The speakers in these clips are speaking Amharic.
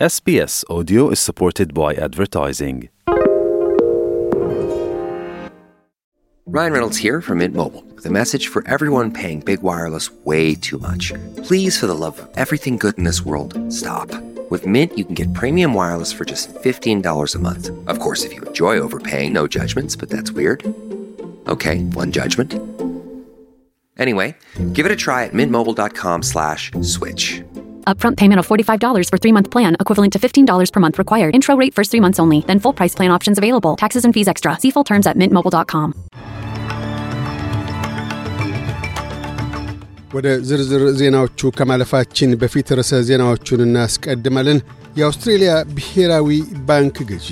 SBS Audio is supported by advertising. Ryan Reynolds here from Mint Mobile with a message for everyone paying big wireless way too much. Please, for the love of everything good in this world, stop. With Mint, you can get premium wireless for just $15 a month. Of course, if you enjoy overpaying, no judgments, but that's weird. Okay, one judgment. Anyway, give it a try at mintmobile.com slash switch. Upfront payment of $45 for three-month plan, equivalent to $15 per month required. Intro rate first three months only, then full price plan options available. Taxes and fees extra. See full terms at mintmobile.com. ወደ ዝርዝር ዜናዎቹ ከማለፋችን በፊት ርዕሰ ዜናዎቹን እናስቀድማለን። የአውስትሬልያ ብሔራዊ ባንክ ገዢ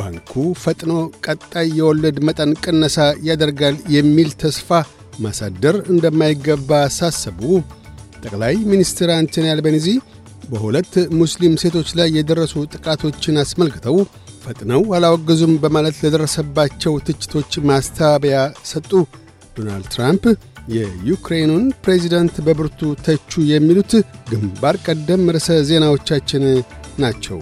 ባንኩ ፈጥኖ ቀጣይ የወለድ መጠን ቅነሳ ያደርጋል የሚል ተስፋ ማሳደር እንደማይገባ ሳሰቡ ጠቅላይ ሚኒስትር አንቶኒ አልቤኒዚ በሁለት ሙስሊም ሴቶች ላይ የደረሱ ጥቃቶችን አስመልክተው ፈጥነው አላወገዙም በማለት ለደረሰባቸው ትችቶች ማስተባበያ ሰጡ። ዶናልድ ትራምፕ የዩክሬኑን ፕሬዚደንት በብርቱ ተቹ። የሚሉት ግንባር ቀደም ርዕሰ ዜናዎቻችን ናቸው።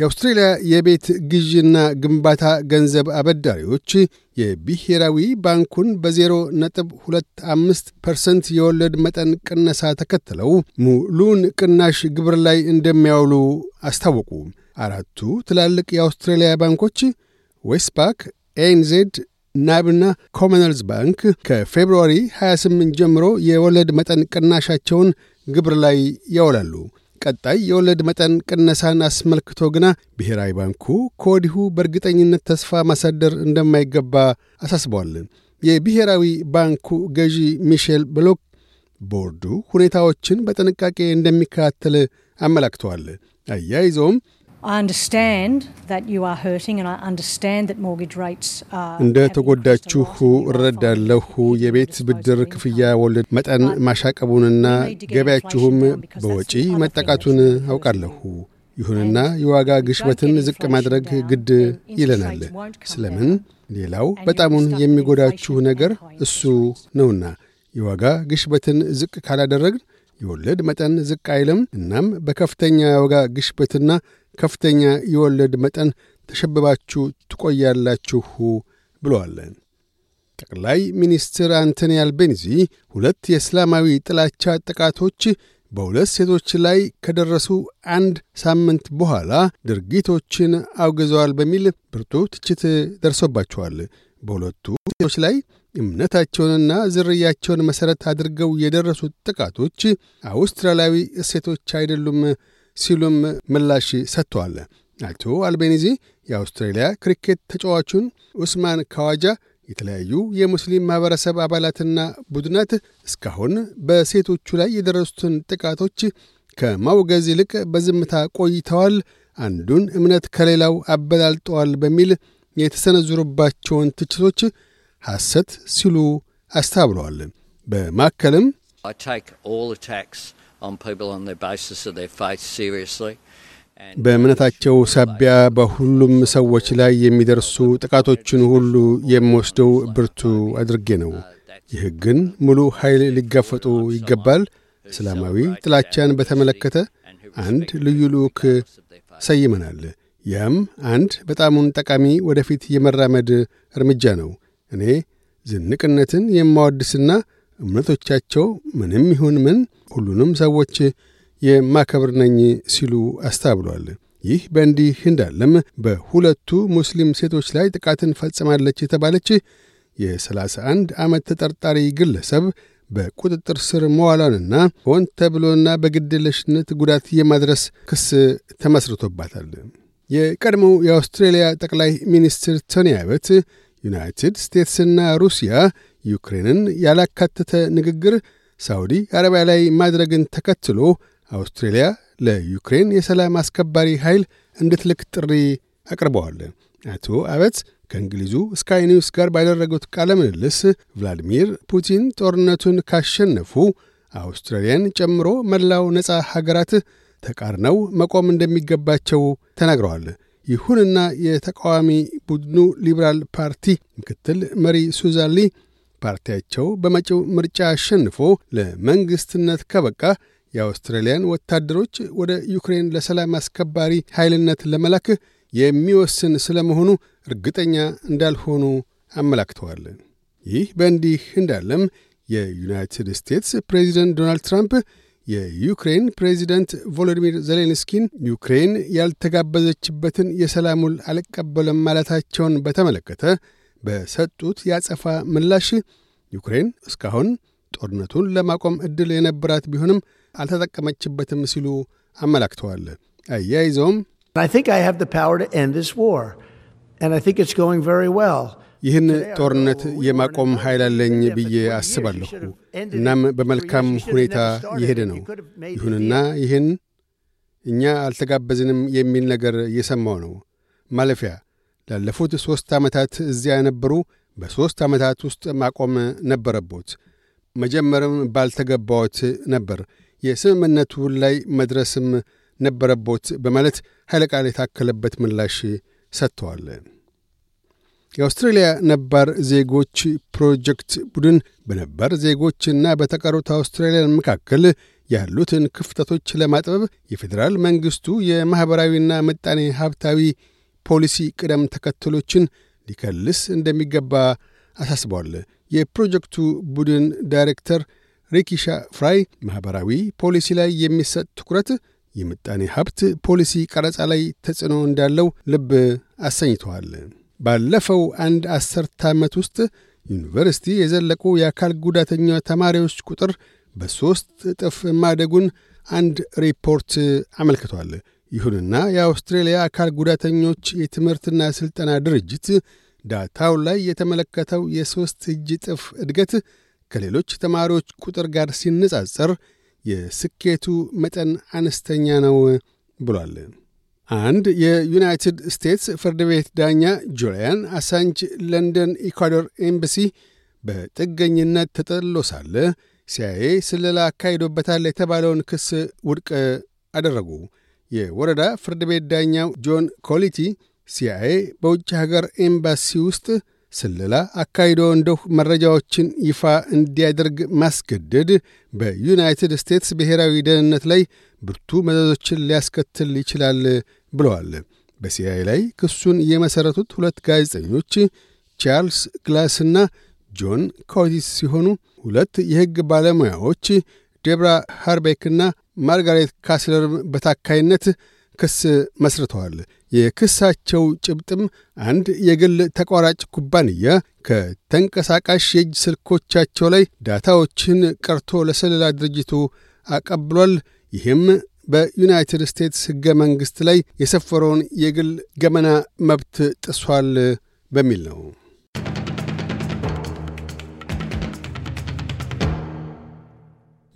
የአውስትሬልያ የቤት ግዢና ግንባታ ገንዘብ አበዳሪዎች የብሔራዊ ባንኩን በ ነጥብ 25 ፐርሰንት የወለድ መጠን ቅነሳ ተከትለው ሙሉን ቅናሽ ግብር ላይ እንደሚያውሉ አስታወቁ። አራቱ ትላልቅ የአውስትሬልያ ባንኮች ዌስፓክ፣ ኤንዜድ ናብና ኮመነልስ ባንክ ከፌብርዋሪ 28 ጀምሮ የወለድ መጠን ቅናሻቸውን ግብር ላይ ያውላሉ። ቀጣይ የወለድ መጠን ቅነሳን አስመልክቶ ግና ብሔራዊ ባንኩ ከወዲሁ በእርግጠኝነት ተስፋ ማሳደር እንደማይገባ አሳስበዋል። የብሔራዊ ባንኩ ገዢ ሚሼል ብሎክ ቦርዱ ሁኔታዎችን በጥንቃቄ እንደሚከታተል አመላክተዋል። አያይዘውም እንደ ተጎዳችሁ እረዳለሁ። የቤት ብድር ክፍያ ወለድ መጠን ማሻቀቡንና ገበያችሁም በወጪ መጠቃቱን አውቃለሁ። ይሁንና የዋጋ ግሽበትን ዝቅ ማድረግ ግድ ይለናል። ስለምን? ሌላው በጣሙን የሚጎዳችሁ ነገር እሱ ነውና የዋጋ ግሽበትን ዝቅ ካላደረግን የወለድ መጠን ዝቅ አይልም። እናም በከፍተኛ የዋጋ ግሽበትና ከፍተኛ የወለድ መጠን ተሸብባችሁ ትቆያላችሁ ብለዋል። ጠቅላይ ሚኒስትር አንቶኒ አልቤኒዚ ሁለት የእስላማዊ ጥላቻ ጥቃቶች በሁለት ሴቶች ላይ ከደረሱ አንድ ሳምንት በኋላ ድርጊቶችን አውግዘዋል በሚል ብርቱ ትችት ደርሶባቸዋል። በሁለቱ ሴቶች ላይ እምነታቸውንና ዝርያቸውን መሠረት አድርገው የደረሱት ጥቃቶች አውስትራሊያዊ እሴቶች አይደሉም ሲሉም ምላሽ ሰጥተዋል። አቶ አልቤኒዚ የአውስትራሊያ ክሪኬት ተጫዋቹን ኡስማን ካዋጃ የተለያዩ የሙስሊም ማኅበረሰብ አባላትና ቡድናት እስካሁን በሴቶቹ ላይ የደረሱትን ጥቃቶች ከማውገዝ ይልቅ በዝምታ ቆይተዋል፣ አንዱን እምነት ከሌላው አበላልጠዋል በሚል የተሰነዘሩባቸውን ትችቶች ሐሰት ሲሉ አስታብለዋል። በማከልም በእምነታቸው ሳቢያ በሁሉም ሰዎች ላይ የሚደርሱ ጥቃቶችን ሁሉ የምወስደው ብርቱ አድርጌ ነው። ይህ ግን ሙሉ ኃይል ሊጋፈጡ ይገባል። እስላማዊ ጥላቻን በተመለከተ አንድ ልዩ ልዑክ ሰይመናል። ያም አንድ በጣሙን ጠቃሚ ወደፊት የመራመድ እርምጃ ነው። እኔ ዝንቅነትን የማወድስና እምነቶቻቸው ምንም ይሁን ምን ሁሉንም ሰዎች የማከብር ነኝ ሲሉ አስታብሏል። ይህ በእንዲህ እንዳለም በሁለቱ ሙስሊም ሴቶች ላይ ጥቃትን ፈጽማለች የተባለች የ31 ዓመት ተጠርጣሪ ግለሰብ በቁጥጥር ስር መዋሏንና ሆን ተብሎና በግድለሽነት ጉዳት የማድረስ ክስ ተመስርቶባታል። የቀድሞው የአውስትሬልያ ጠቅላይ ሚኒስትር ቶኒ አበት ዩናይትድ ስቴትስና ሩሲያ ዩክሬንን ያላካተተ ንግግር ሳውዲ አረቢያ ላይ ማድረግን ተከትሎ አውስትሬልያ ለዩክሬን የሰላም አስከባሪ ኃይል እንድትልክ ጥሪ አቅርበዋል። አቶ አበት ከእንግሊዙ ስካይ ኒውስ ጋር ባደረጉት ቃለ ምልልስ ቭላዲሚር ፑቲን ጦርነቱን ካሸነፉ አውስትራሊያን ጨምሮ መላው ነፃ ሀገራት ተቃርነው መቆም እንደሚገባቸው ተናግረዋል። ይሁንና የተቃዋሚ ቡድኑ ሊበራል ፓርቲ ምክትል መሪ ሱዛሊ ፓርቲያቸው በመጪው ምርጫ አሸንፎ ለመንግሥትነት ከበቃ የአውስትራሊያን ወታደሮች ወደ ዩክሬን ለሰላም አስከባሪ ኃይልነት ለመላክ የሚወስን ስለመሆኑ እርግጠኛ እንዳልሆኑ አመላክተዋል። ይህ በእንዲህ እንዳለም የዩናይትድ ስቴትስ ፕሬዚደንት ዶናልድ ትራምፕ የዩክሬን ፕሬዚደንት ቮሎዲሚር ዜሌንስኪን ዩክሬን ያልተጋበዘችበትን የሰላሙን አልቀበለም ማለታቸውን በተመለከተ በሰጡት ያጸፋ ምላሽ ዩክሬን እስካሁን ጦርነቱን ለማቆም ዕድል የነበራት ቢሆንም አልተጠቀመችበትም ሲሉ አመላክተዋል። አያይዘውም I think I have the power to end this war and I think it's going very well. ይህን ጦርነት የማቆም ኃይል አለኝ ብዬ አስባለሁ። እናም በመልካም ሁኔታ የሄደ ነው። ይሁንና ይህን እኛ አልተጋበዝንም የሚል ነገር እየሰማው ነው። ማለፊያ ላለፉት ሦስት ዓመታት እዚያ የነበሩ በሦስት ዓመታት ውስጥ ማቆም ነበረቦት። መጀመርም ባልተገባዎት ነበር። የስምምነቱ ላይ መድረስም ነበረቦት በማለት ኃይለ ቃል የታከለበት ምላሽ ሰጥተዋል። የአውስትሬልያ ነባር ዜጎች ፕሮጀክት ቡድን በነባር ዜጎችና በተቀሩት አውስትራሊያን መካከል ያሉትን ክፍተቶች ለማጥበብ የፌዴራል መንግሥቱ የማኅበራዊና ምጣኔ ሀብታዊ ፖሊሲ ቅደም ተከተሎችን ሊከልስ እንደሚገባ አሳስቧል። የፕሮጀክቱ ቡድን ዳይሬክተር ሪኪሻ ፍራይ ማኅበራዊ ፖሊሲ ላይ የሚሰጥ ትኩረት የምጣኔ ሀብት ፖሊሲ ቀረጻ ላይ ተጽዕኖ እንዳለው ልብ አሰኝተዋል። ባለፈው አንድ አሠርተ ዓመት ውስጥ ዩኒቨርሲቲ የዘለቁ የአካል ጉዳተኛ ተማሪዎች ቁጥር በሦስት እጥፍ ማደጉን አንድ ሪፖርት አመልክቷል። ይሁንና የአውስትሬልያ አካል ጉዳተኞች የትምህርትና ሥልጠና ድርጅት ዳታው ላይ የተመለከተው የሦስት እጅ እጥፍ እድገት ከሌሎች ተማሪዎች ቁጥር ጋር ሲነጻጸር የስኬቱ መጠን አነስተኛ ነው ብሏል። አንድ የዩናይትድ ስቴትስ ፍርድ ቤት ዳኛ ጁሊያን አሳንጅ ለንደን ኢኳዶር ኤምባሲ በጥገኝነት ተጠልሎ ሳለ ሲያኤ ስለላ አካሂዶበታል የተባለውን ክስ ውድቅ አደረጉ። የወረዳ ፍርድ ቤት ዳኛው ጆን ኮሊቲ ሲያኤ በውጭ ሀገር ኤምባሲ ውስጥ ስለላ አካሂዶ እንደሁ መረጃዎችን ይፋ እንዲያደርግ ማስገደድ በዩናይትድ ስቴትስ ብሔራዊ ደህንነት ላይ ብርቱ መዘዞችን ሊያስከትል ይችላል ብለዋል። በሲአይኤ ላይ ክሱን የመሠረቱት ሁለት ጋዜጠኞች ቻርልስ ግላስና ጆን ኮቲስ ሲሆኑ ሁለት የሕግ ባለሙያዎች ዴብራ ሃርቤክና ማርጋሬት ካስለር በታካይነት ክስ መስርተዋል። የክሳቸው ጭብጥም አንድ የግል ተቋራጭ ኩባንያ ከተንቀሳቃሽ የእጅ ስልኮቻቸው ላይ ዳታዎችን ቀርቶ ለስለላ ድርጅቱ አቀብሏል። ይህም በዩናይትድ ስቴትስ ሕገ መንግሥት ላይ የሰፈረውን የግል ገመና መብት ጥሷል በሚል ነው።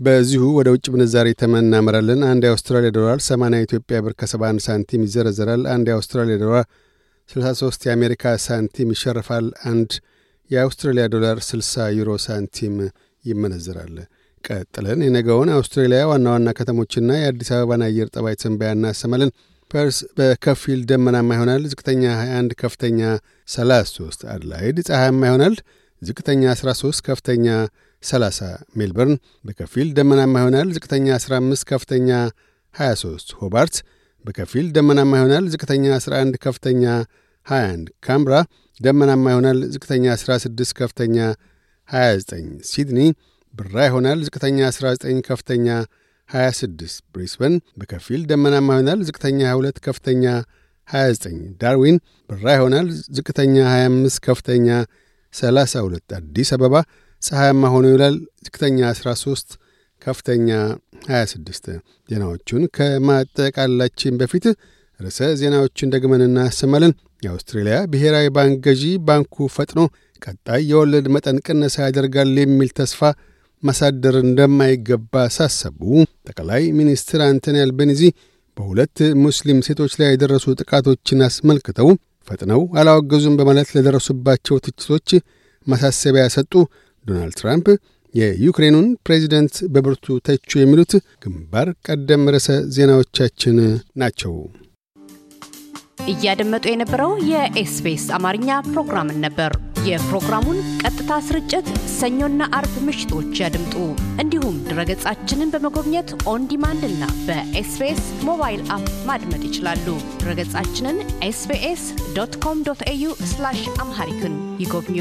በዚሁ ወደ ውጭ ምንዛሬ ተመን እናመራለን። አንድ የአውስትራሊያ ዶላር 80 ኢትዮጵያ ብር ከ71 ሳንቲም ይዘረዘራል። አንድ የአውስትራሊያ ዶላር 63 የአሜሪካ ሳንቲም ይሸርፋል። አንድ የአውስትራሊያ ዶላር 60 ዩሮ ሳንቲም ይመነዝራል። ቀጥለን የነገውን አውስትራሊያ ዋና ዋና ከተሞችና የአዲስ አበባን አየር ጠባይ ትንበያ እናሰማለን። ፐርስ በከፊል ደመናማ ይሆናል። ዝቅተኛ 21፣ ከፍተኛ 33። አድላይድ ፀሐያማ ይሆናል። ዝቅተኛ 13፣ ከፍተኛ 30 ሜልበርን በከፊል ደመናማ ይሆናል። ዝቅተኛ 15 ከፍተኛ 23 ሆባርት በከፊል ደመናማ ይሆናል። ዝቅተኛ 11 ከፍተኛ 21 ካምብራ ደመናማ ይሆናል። ዝቅተኛ 16 ከፍተኛ 29 ሲድኒ ብራ ይሆናል። ዝቅተኛ 19 ከፍተኛ 26 ብሪስበን በከፊል ደመናማ ይሆናል። ዝቅተኛ 22 ከፍተኛ 29 ዳርዊን ብራ ይሆናል። ዝቅተኛ 25 ከፍተኛ 32 አዲስ አበባ ፀሐያማ ሆኖ ይውላል። ዝቅተኛ 13፣ ከፍተኛ 26። ዜናዎቹን ከማጠቃላችን በፊት ርዕሰ ዜናዎችን ደግመን እናሰማለን። የአውስትሬልያ ብሔራዊ ባንክ ገዢ ባንኩ ፈጥኖ ቀጣይ የወለድ መጠን ቅነሳ ያደርጋል የሚል ተስፋ ማሳደር እንደማይገባ ሳሰቡ፣ ጠቅላይ ሚኒስትር አንቶኒ አልቤኒዚ በሁለት ሙስሊም ሴቶች ላይ የደረሱ ጥቃቶችን አስመልክተው ፈጥነው አላወገዙም በማለት ለደረሱባቸው ትችቶች ማሳሰቢያ ሰጡ። ዶናልድ ትራምፕ የዩክሬኑን ፕሬዚደንት በብርቱ ተቹ የሚሉት ግንባር ቀደም ርዕሰ ዜናዎቻችን ናቸው። እያደመጡ የነበረው የኤስቢኤስ አማርኛ ፕሮግራምን ነበር። የፕሮግራሙን ቀጥታ ስርጭት ሰኞና አርብ ምሽቶች ያድምጡ። እንዲሁም ድረገጻችንን በመጎብኘት ኦንዲማንድ እና በኤስቢኤስ ሞባይል አፕ ማድመጥ ይችላሉ። ድረገጻችንን ኤስቢኤስ ዶት ኮም ዶት ኤዩ አምሃሪክን ይጎብኙ።